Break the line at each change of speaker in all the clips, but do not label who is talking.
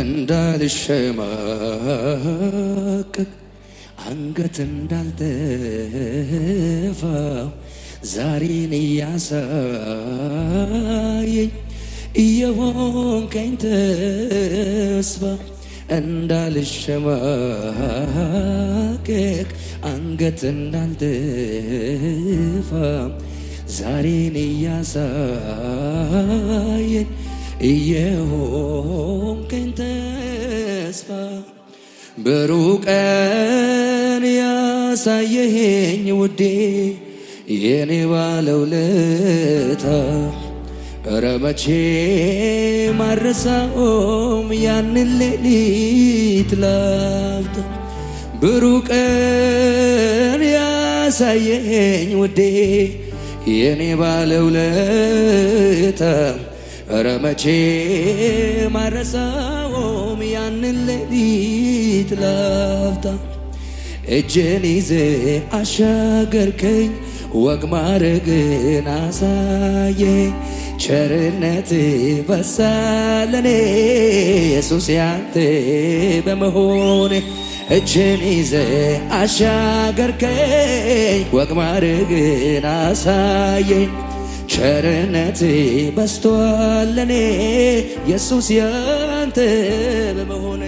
እንዳልሸማቀቅ አንገት እንዳልደፋው ዛሬን እያሳየኝ እየሆንከኝ ተስፋ እንዳልሸማቀቅ አንገት እንዳልደፋ ዛሬን እያሳየኝ እየሆንከኝ ተስፋ በሩቀን ያሳየኸኝ ውዴ የኔ ባለውለታ እረ መቼም አልረሳውም ያንን ሌሊት ላፍታ ብሩቅን ያሳየኝ ውዴ የኔ ባለውለታ እረ መቼ ማረሳውም ያንን ሌሊት ላፍታ እጅን ይዜ አሻገርከኝ ወግ ማረግን አሳየ ቸርነት በሳለኔ ኢየሱስ ያንተ በመሆኔ እጅን ይዜ አሻገርከኝ ወግ ማረግን አሳየኝ ቸርነት በስቷል ለኔ ኢየሱስ ያንተ በመሆነ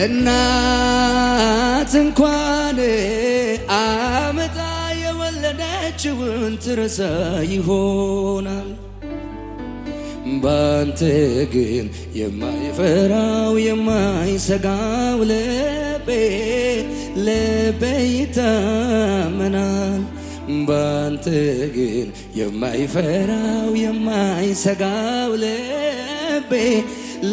እናት እንኳን አመጣ የወለደችውን ትረሳ ይሆናል ባንተ ግን የማይፈራው የማይሰጋው ልቤ ልቤ ይታመናል። ባንተ ግን የማይፈራው የማይሰጋው ልቤ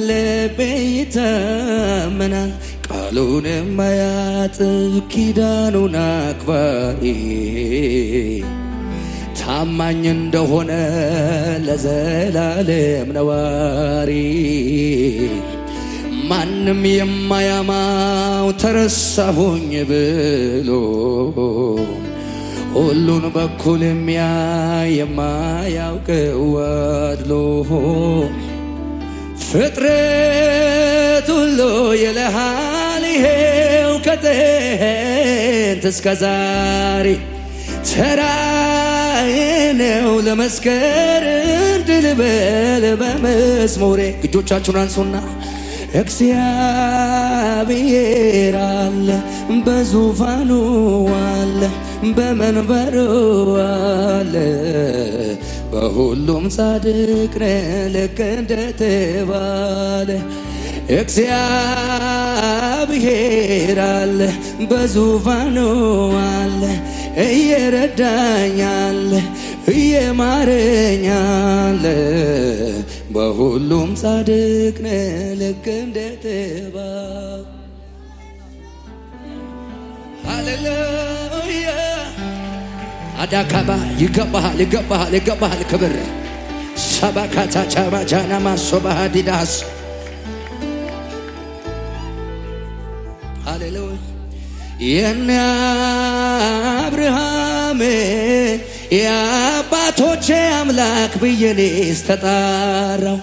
ልቤ ይታመናል። ቃሉን የማያጥብ ኪዳኑን አክባሪ ታማኝ እንደሆነ ለዘላለም ነዋሪ ማንም የማያማው ተረሳሁኝ ብሎ ሁሉን በኩል የሚያይ የማያውቅ ወድሎ ፍጥረት ሁሉ ይልሃል ይሄው ከጥንት እስከ ዛሬ ተራዬ ነው ለመስከር እንድል በል በመዝሙሬ እጆቻችሁን አንሱና እግዚአብሔር አለ በዙፋኑ አለ በመንበሩ አለ በሁሉም ጻድቅ ልክ እንደተባለ እግዚአብሔር አለ በዙፋኑ አለ እየረዳኛል እየማረኛል በሁሉም ጻድቅ ነህ ልክ እንደ እባብ ሃሌሉያ አዳካባ ይገባሃል ይገባሃል ይገባሃል ክብር ሰባካታ ቻባቻና ማሶባሃ ሃሌሉያ የነ አብርሃም የአባቶቼ አምላክ ብየኔስ ተጣራው!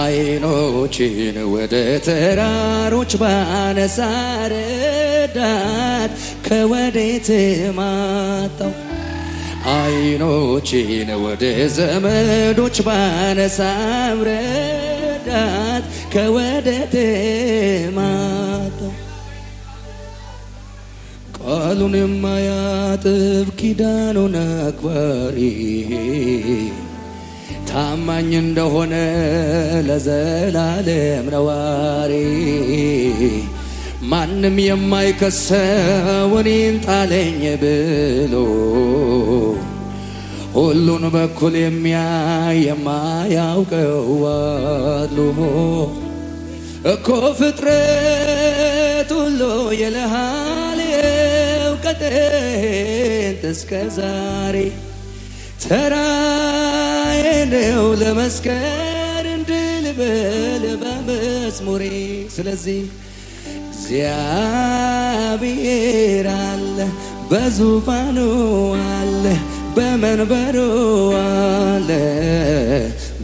አይኖችን ወደ ተራሮች ባነሳ ረዳት ከወዴት ማጣው አይኖችን ወደ ዘመዶች ባነሳ ከወዴት ማጣው ቃሉን የማያጥብ ኪዳኑን አክባሪ ታማኝ እንደሆነ ለዘላለም ነዋሪ ማንም የማይከሰው እኔን ጣለኝ ብሎ ሁሉን በኩል የሚያይ የማያውቀው አሉ እኮ ፍጥረት ሁሉ ይልሃል ትናንት እስከ ዛሬ ተራዬ ነው ለመስከር እንድል ብል በመዝሙሬ። ስለዚህ እግዚአብሔር አለ፣ በዙፋኑ አለ፣ በመንበሩ አለ፣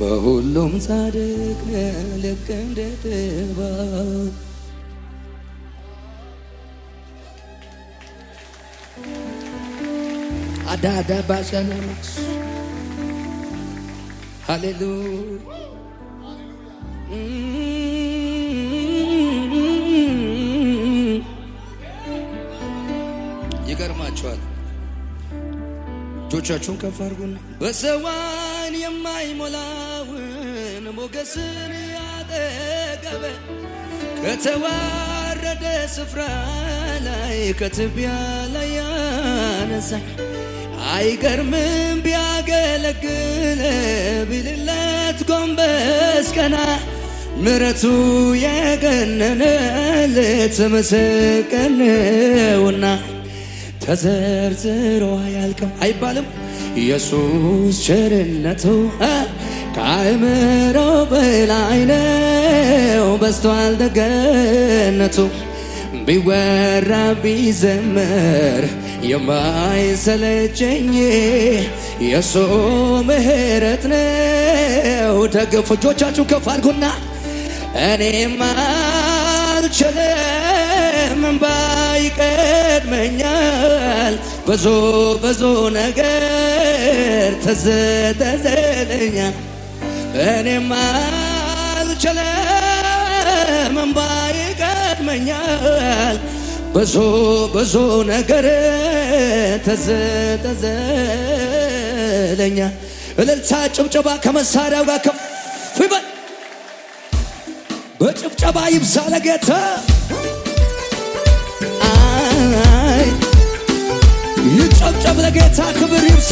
በሁሉም ጻድቅ ልክ እንደ አዳዳ ባሻናማስ ሃሌሉያ ይገርማቸዋል እጆቻችሁን ከፍ አድርጉና በሰዋን የማይሞላውን ሞገስን ያጠገበ ከተዋረደ ስፍራ ላይ ከትቢያ ላይ ያነሳኝ አይገርምም ቢያገለግል ቢልለት ጎንበስ ቀና ምረቱ የገነነ ልትምስቀንውና ተዘርዝሮ አያልቅም አይባልም ኢየሱስ ቸርነቱ ከአእምሮ በላይ ነው በዝቷል ደግነቱ ቢወራ ቢዘመር የማይሰለቸኝ የሱ ምህረት ነው። ደግፉ እጆቻችሁ ከፍ አድርጉና እኔም አልችልም ባይቀድመኛል ብዙ ብዙ ነገር ተዘተዘለኛል እኔም አልችልም ባይቀድመኛል ብዙ ብዙ ነገር ተዘለኛ እልልታ ጭብጨባ ከመሳሪያው ጋር ከፍ ይበል። በጭብጨባ ይብዛ ለጌታ። ይጨብጨብ ለጌታ ክብር ይብዛ።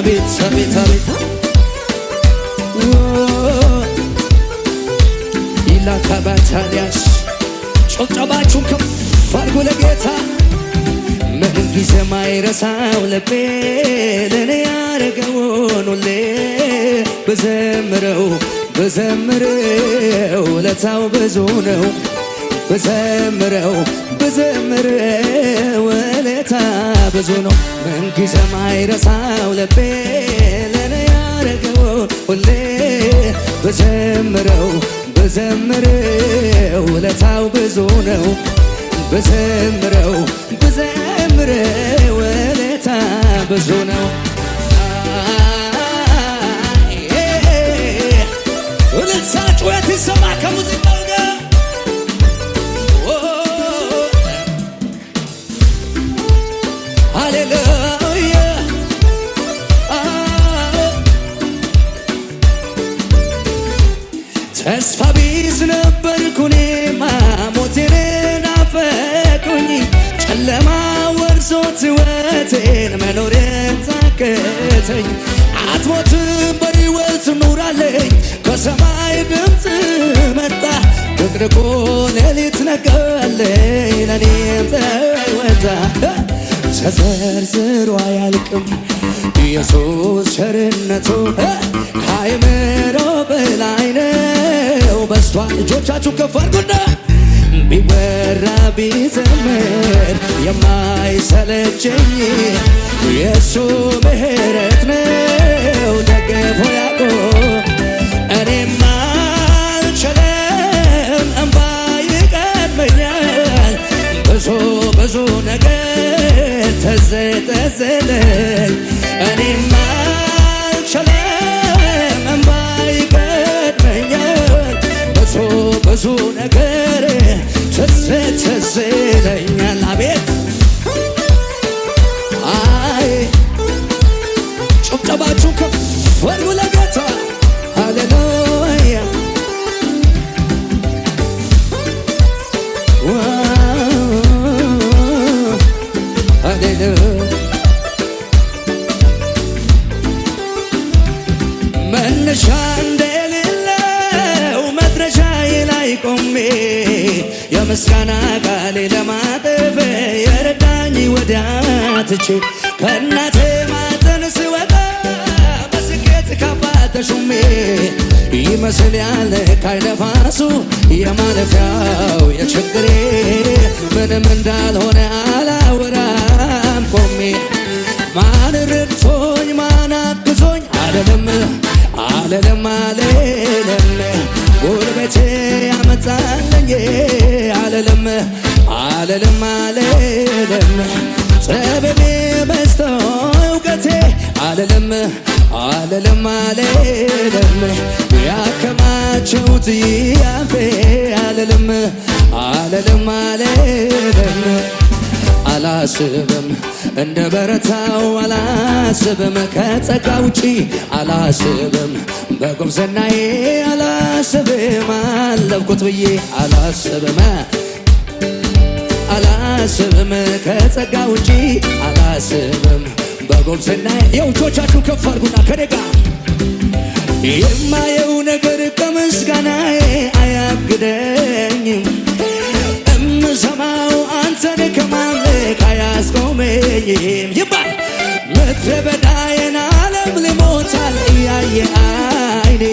አቤት አቤት አቤት ከባታንያስ ጭብጨባችሁን ከፍ አድርጉ ለጌታ ምንም ጊዜ ማይረሳው ልቤ ለኔ ያረገውን ሁሌ በዘምረው በዘምረው ለታው ብዙ ነው በዘምረው በዘምረው ለታ ብዙ ነው ምን ጊዜ ማይረሳው ልቤ ለኔ ያረገውን ሁሌ በዘምረው ብዘምረው ውለታው ብዙ ነው ብዘምረው ብዘምረው ውለታ ብዙ ነው ውለታ ጩኸት ይሰማ ከሙዚቃ ግን መኖርን ታከተኝ። አትሞትም በሕይወት ኑራለኝ። ከሰማይ ድምፅ መጣ ድቅድቁ ሌሊት ነጋለኝ ለኔም ተወጣ ተዘርዝሮ አያልቅም ኢየሱስ ቸርነቱ ከአእምሮ በላይ ነው። በስቷ እጆቻችሁ ከፍ አድርጉና ቢወራ ቢዘመር የማይሰለቸኝ የእሱ ምሕረት ነው ደገፎ ያዕቆብ እኔም አልችልም እምባ ይቀድመኛል ብዙ ብዙ ነገር ትዝ ትዝለኝ እኔም አልችልም እምባ ይቀድመኛል ብዙ ብዙ ነገር በምስጋና ቃሌ ለማጠፍ የረዳኝ ወዳትቼ ከእናቴ ማጠን ስወጣ በስኬት ካባ ተሹሜ ይመስል ያለ ካይነፋሱ የማለፊያው የችግሬ ምንም እንዳልሆነ አላወራም ቆሜ ማን ረድቶኝ ማን አግዞኝ አለለም አለለም አለለም ጉልበቴ ያመጣልኝ አለለም አለለም አለለም ጥበቤ በዝቶ እውቀቴ አለለም አለለም አለለም ያከማቸውት ያፌ አለለም አለለም አለለም አላስብም እንደ በረታው አላስብም ከጸጋ ውጪ አላስብም በጉብዝናዬ አላስብም አለብኩት ብዬ አላስብም አላስብም ከጸጋ ውጪ አላስብም በጉብዝናዬ የውቾቻችሁ ከፍ አድርጉና ከደጋ የማየው ነገር ከምስጋናዬ አያግደኝም እምሰማው አንተን ከማ አያስቆመኝም ይባል ምድረ በዳዬን ዓለም ልሞታል እያየ አይኔ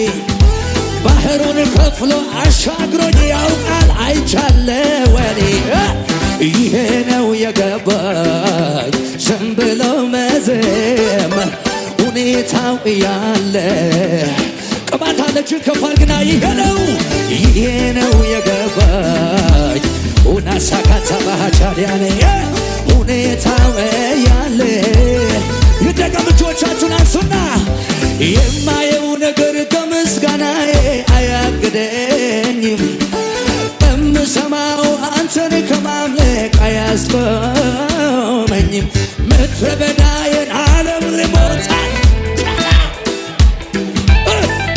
ባህሩን ከፍሎ አሻግሮኝ ያውቃል አይቻለ ወኔ ይሄ ነው የገባኝ ዝም ብሎ መዘመር ሁኔታው እያለ ቅባት አለችን ከፋል ግና ይሄ ነው ይሄ ነው የገባኝ ኡናሳ ካታባሃቻዲያኔ ሁኔታው ያለ ይደገም እጆቻችሁን አንሱና የማየው ነገር ከምስጋናዬ አያግደኝም እምሰማው አንተን ከማምለክ አያስቆመኝም ምድረ በዳዬን ዓለም ልሞታል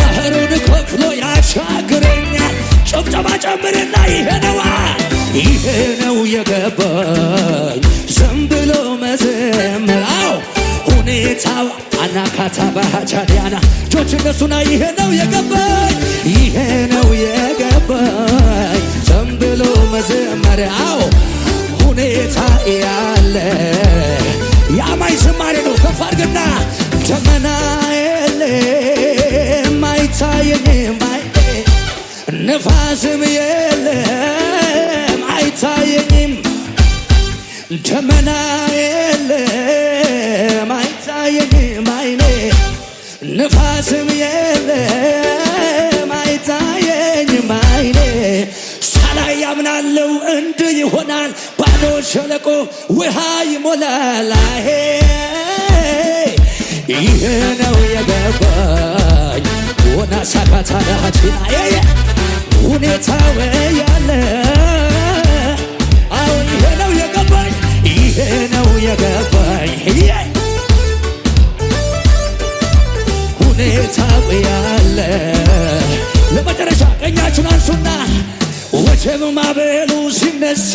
ባህሩን ከፍሎ ያሻግረኛል ጭብጨባ ጨምርና ይሄነዋል ይሄ ነው የገባኝ ዝም ብሎ መዘመራው ሁኔታው አናካታ ባቻዲያና እጆች እነሱና ይሄ ነው የገባኝ ይሄ ነው የገባኝ ዝም ብሎ መዘመራው ሁኔታ ያለ የአማኝ ዝማሬ ነው። ከፍ አድርግና ደመና የለም አይታየኝም፣ ንፋስም የለም አይታየኝም ደመና የለም አይታየኝም አይኔ ንፋስም የለም አይታየኝም አይኔ ሳላይ ያምናለው እንድ ይሆናል ባዶ ሸለቆ ውሃ ይሞላል አሄ ይህ ነው የገባኝ ሆና ሳካታ ዳሃችን ሁኔታ ወያለ የገባኝ ይሄ ነው የገባኝ ሁኔታ ያለ ለመጨረሻ ቀኛችን አንሱና ወጀብ ማበሉ ሲነሳ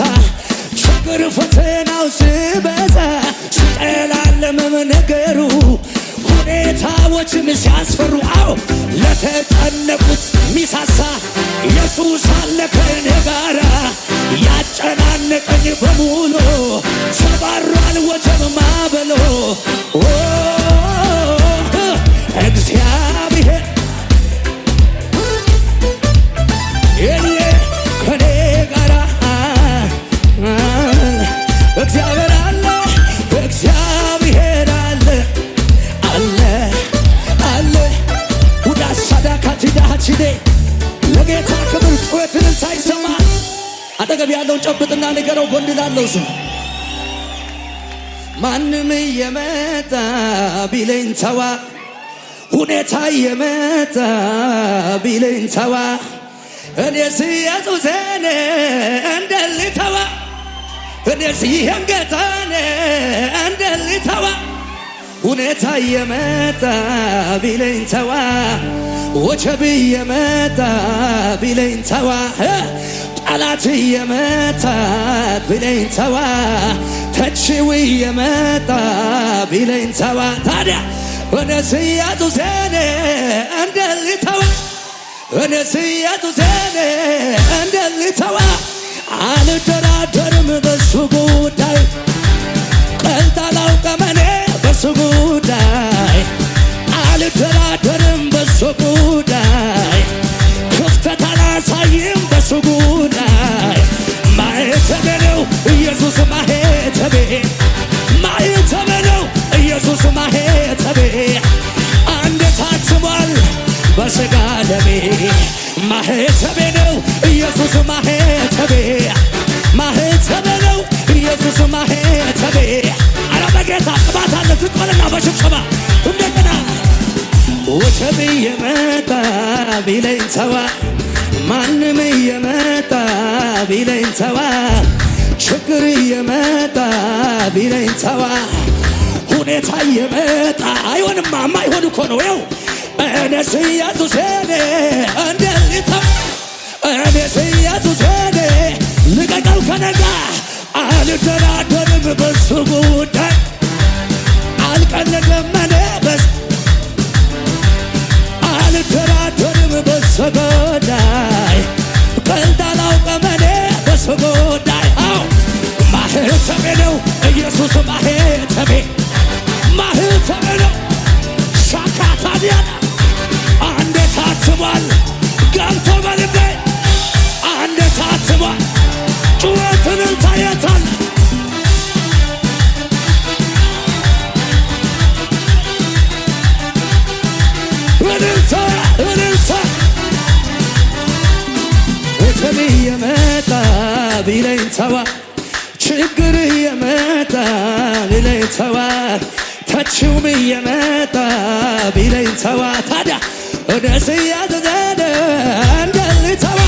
ችግር ፈተናው ሲበዛ ሲጠላለምም ነገሩ ሁኔታዎችም ሲያስፈሩ አዎ ለተጨነቁት ሚሳሳ ኢየሱስ አለ ከእኔ ጋራ ያጨናነቀኝ በሙሉ ሰባሯል ወጀብ ማበሎ እግዚአብሔር ያለውን ጨብጥና ንገረው። ጎን ላለው ሰው ማንም የመጣ ቢለኝ ተዋ፣ ሁኔታ የመጣ ቢለኝ ተዋ፣ እኔስ እንደል ተዋ እኔስ ይህን እንደል ተዋ ሁኔታ የመጣ ቢለኝ ተዋ፣ ወቸብ የመጣ ቢለኝ ተዋ ጠላት እየመጣ ቢለኝ ተዋ፣ ተቺው እየመጣ ቢለኝ ተዋ፣ ታዲያ ወደ ስያቱ እንደል ተዋ፣ ወደ ስያቱ እንደል ተዋ። አልደራደርም በሱ ጉዳይ ቀልጣላው ቀመኔ በሱ ጉዳይ አልደራደርም በሱ ጉዳይ አይታይም በሱ ጉዳይ ማዕተብ ነው ኢየሱስ ማዕተቤ ማዕተብ ነው ኢየሱስ ማዕተቤ አንድ ታትሟል በሥጋ ደሜ ማዕተቤ ነው ኢየሱስ ማዕተቤ ማዕተብ ነው ኢየሱስ ማዕተቤ አረ በጌታ ቅባት አለ ዝቅ በሽብሸባ እንደገና ወሸብ የመጣ ቢለኝ ሰዋ ማንም እየመጣ ቢለኝ ተዋ፣ ችግር እየመጣ ቢለኝ ተዋ፣ ሁኔታ እየመጣ አይሆንማ ማይሆን እኮ ነው ያው እኔስ ኢየሱሴን እንደሊተ እኔስ ኢየሱሴን ልቀቀው ከነጋ አልደራደርም በሱ ጉዳይ አልቀለድም አልደራደርም በሱ ቀልጣላው ቀመኔ በሱ ጉዳይ አው ማህተቤ ነው ኢየሱስ ማህተቤ ማህተቤ ነው ሻካታዲያና አንዴ ታትሟል ገብቶ በልቤ አንዴ ታትሟል ጩኸትን ታየታል ብንልታ ሸክም እየመጣ ቢለኝ ተዋ፣ ችግር እየመጣ ቢለኝ ተዋ፣ ተችውም እየመጣ ቢለኝ ተዋ፣ ታዲያ ወደዚህ ያዘዘነ እንደልተዋ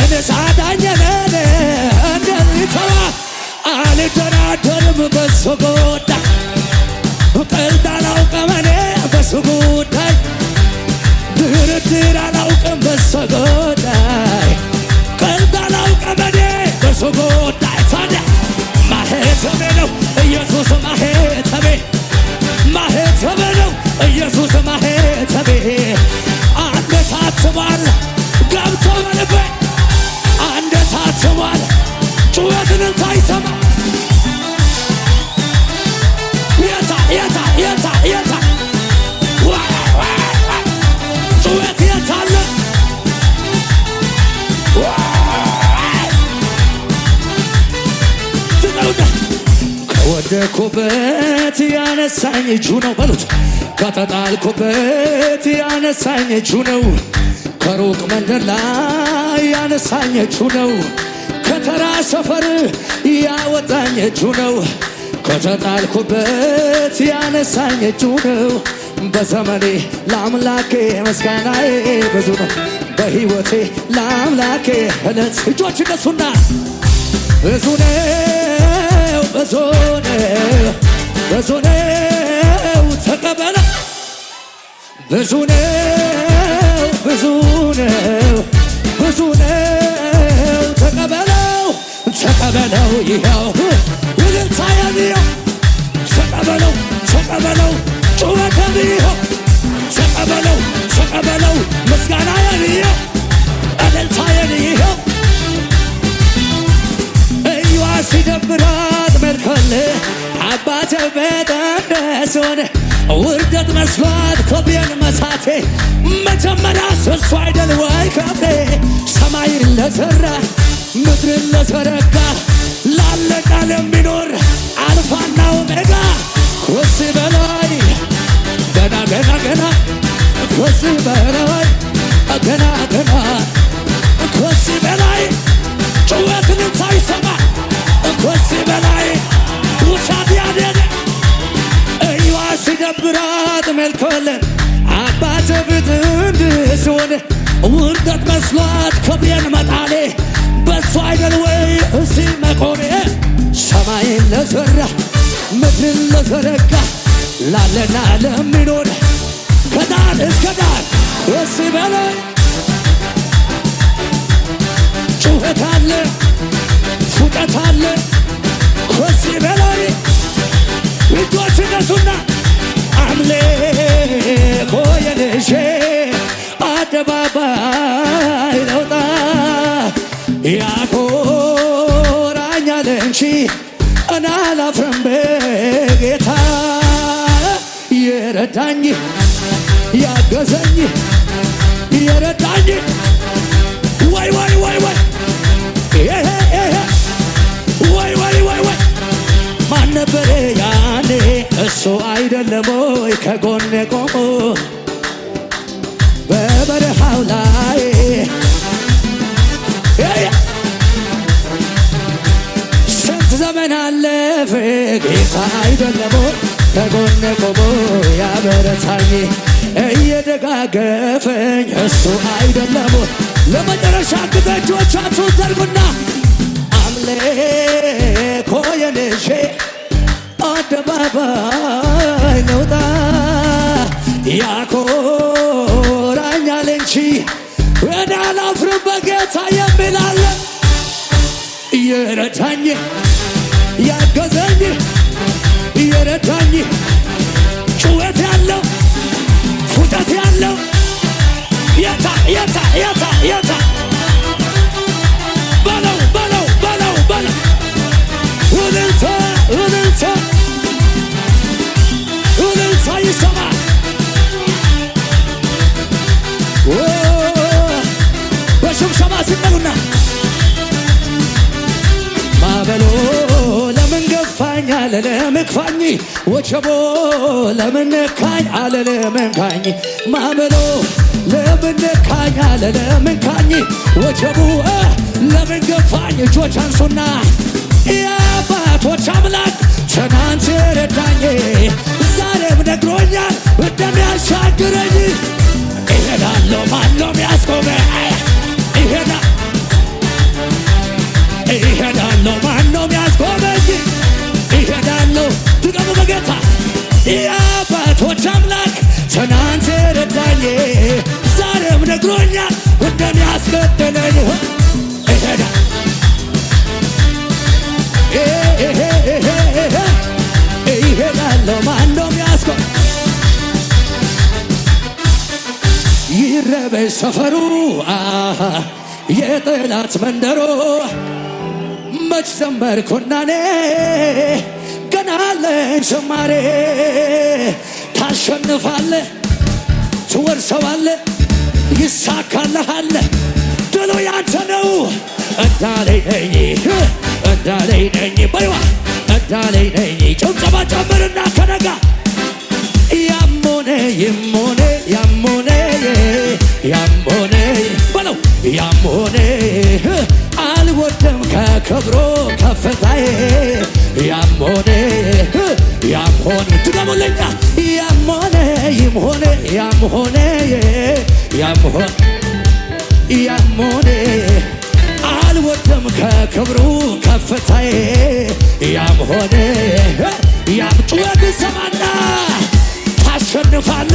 እኔ ሳዳኘነነ እንደልተዋ አልደራደርም በሶ ቀልዳ ማህተሜ ነው ኢየሱስ ማህተሜ ማህተሜ ነው ኢየሱስ ማህተሜ አንድ ታትሟል ከወደኩበት ያነሳኝ እጁ ነው በሉት። ከተጣልኩበት ያነሳኝ እጁ ነው። ከሩቅ መንደር ላይ ያነሳኝ እጁ ነው። ከተራ ሰፈር ያወጣኝ እጁ ነው። ከተጣልኩበት ያነሳኝ እጁ ነው። በዘመኔ ለአምላኬ ምስጋናዬ ብዙ ነው። በሕይወቴ ለአምላኬ እለት እጆች እነሱና ብዙ ነው ብዙ ነው ብዙ ነው ብዙ ነው ተቀበለው ተቀበለው ይኸው ይልልታያን ይኸው ተቀበለው ተቀበለው ጩኸተን ይኸው ተቀበለው ተቀበለው ምስጋናያን ይኸው እልልታያን ይኸው እዩዋ ሲደብራት መልኮል አባተ በጣም ደስ ሆነ ውርደት መስሏት ክብሬን መሳቴ መጀመሪያ እሱ አይደል ወይ ክብሬ ሰማይን ለሰራ ምድርን ለዘረጋ ላለቃ ለሚኖር አልፋና ኦሜጋ ከሱ በላይ ገና ገና ገና ከሱ በላይ ገና ገና ከሱ በላይ ጩኸትንም ሳይሰማ ከሱ በላይ ውሻት ያደደ ሲደብራት መልኮለን አባተ ብትንድ ስሆን ውርደት መስሏት ክብሬን መጣሌ በሱ አይደል ወይ እሲ መቆሜ ሰማይን ለዘራ ምድርን ለዘረጋ ላለና ለሚኖር ከዳር እስከ ዳር እሲ በለ ጩኸት አለ ፉቀት አለ እሲ በላይ ልጆች እነሱና ያለ ኮየንሼ አደባባይ ለውጣ ያኮራኛል እንጂ እና አላፍርም በጌታ የረዳኝ ያገዘኝ የረዳኝ ወይ ወይ ወይ ወይ ወይ ወይ ወይ ወይ ማን ነበረ ያኔ እሱ አይደለም ከጎኔ ቆሙ በበረሃው ላይ ስንት ዘመን አለፈ ጌታ አይደለሞ ከጎኔ ቆሞ ያበረታኝ እየደጋገፈኝ እሱ አይደለሞ ለመጨረሻ ግዘጆቻችሁን ዘርጉና አምልኮ የንሼ አደባባይ ሸቦ ለምንካኝ አለ ለምንካኝ ማመሎ ለምንካኝ አለ ለምንካኝ ወጀቡ ለምን ገፋኝ እጆች አንሱና የአባቶች አምላክ ትናንት ረዳኝ ዛሬም ነግሮኛል እንደሚያሻግረኝ ይሄዳለሁ ማነው ሚያስቆመ ይሄዳ ይሄዳለሁ ማነው ሚያስቆመኝ ይሄዳለሁ ትቀሙ በጌታ የአባቶች አምላክ ትናንት ረዳኝ፣ ዛሬም ነግሮኛል እንደኔ ያስከተለኝ ይሄዳ ይሄዳለሁ ማነው ያስቆ ይረበኝ ሰፈሩ የጠላት መንደሮ መች ዘመርኩና እኔ ዝማሬ ታሸንፋለ፣ ትወርሰዋለ፣ ይሳካልሃለ። ድሎ ያንተ ነው። እንዳለኝ ነኝ እንዳለኝ ነኝ በይዋ እንዳለኝ ነኝ ጭብጨባ ጨምርና ከነጋ ያሞነ ይሞነ ያሞነ ያሞነ በለው ያም ሆነ አልወደም ከክብሮ ከፍታዬ ያም ሆነ ያም ሆነ ትደሙለኛ ያም ሆነ ይም ሆነ ያም ሆነ ያም ሆነ ያም ሆነ አልወደም ከክብሩ ከፍታዬ ያም ሆነ ያም ጩኸት ሰማና ታሸንፋለ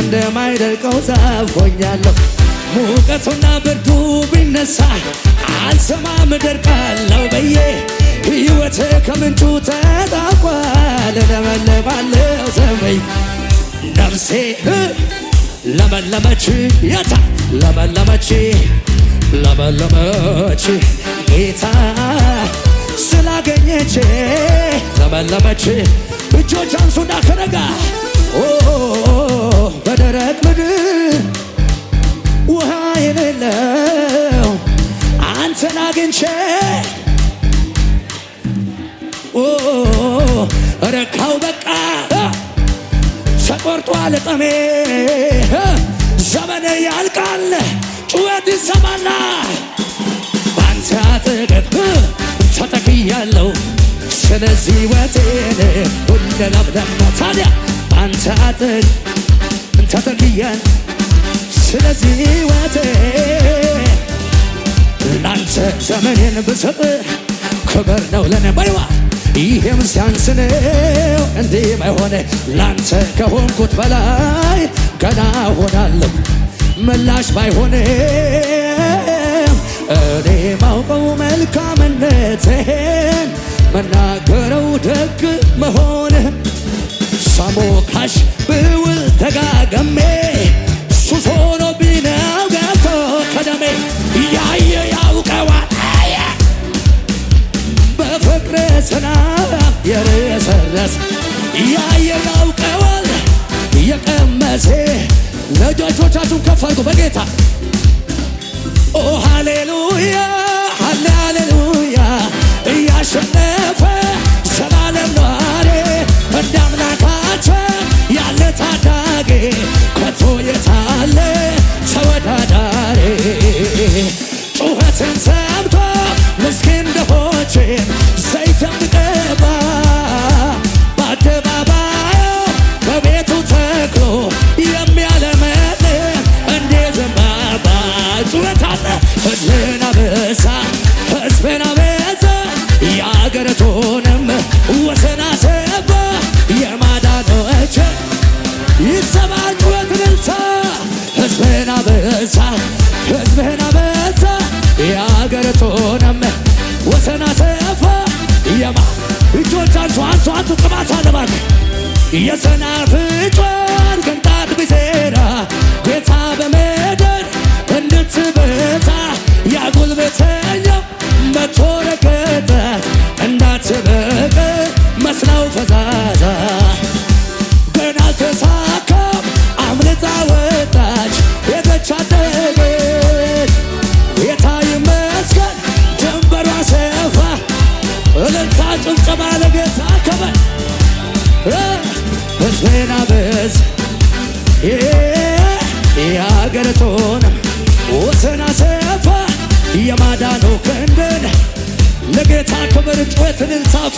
እንደማይደርቀው ዛፍ ሆኛለሁ። ሙቀቱና ብርዱ ቢነሳ አልሰማም እደርቃለሁ ብዬ ሕይወቴ ከምንጩ ተጣቋል። እለመልማለሁ ዘመይ ነፍሴ ለመለመች የታ ለመለመች ለመለመች ጌታ ስላገኘች ለመለመች እጆች አንሱና ከረጋ በደረቅ ምድር ውሃ የሌለው አንተን አግኝቼ ረካው በቃ ተቆርጧል ጠሜ ዘመን ያልቃል ጩኸት ይሰማላ በአንተ አጠገብ ተጠቅያለሁ ስለዚህ ወቴን ሁለላብለማ ታዲያ በአንተ አጠገብ ተተክያል ስለዚህ ሕይወቴ ላንተ ዘመኔን ብሰጥ ክብር ነው ለኔ በይዋ ይሄም ሲያንስ እንዲህ ባይሆነ ላንተ ከሆንኩት በላይ ገና ሆናለሁ ምላሽ ባይሆነ እኔ ማውቀው መልካምነትህን መናገረው ደግ መሆንህን ሳሞካሽ ብውል ደጋገሜ ሱስ ሆኖብኝ ነው ከደሜ እያየ ያውቀዋል በፍቅር ስና የርሰረስ እያየ ያውቀዋል እየቀመሴ ልጆቻችሁን ከፍ አድርጉ በጌታ ኦ ሃሌሉያ ሃሌሉያ እያሸነፈ አንተ ያለ ታዳጌ ከቶ የታለ ተወዳዳሪ ጩኸትን ሰምቶ ምስኪን ድሆችን ሸቶነመ ወሰና ሰፋ የማ እጆች አንሱ አንሱ አንሱ ቅባት አለባት የሰናፍጯን ቅንጣት ቢሴራ ጌታ በምድር እንድትበታ ያጉልበተኛው መቶ ረገጣት እንዳትበቅ መስላው ፈዛዛ መናበዝ የአገሪቱን ወሰን አሰፋ የማዳኑ ክንድን ለጌታ ክብር ጩኸት ልንሳፍ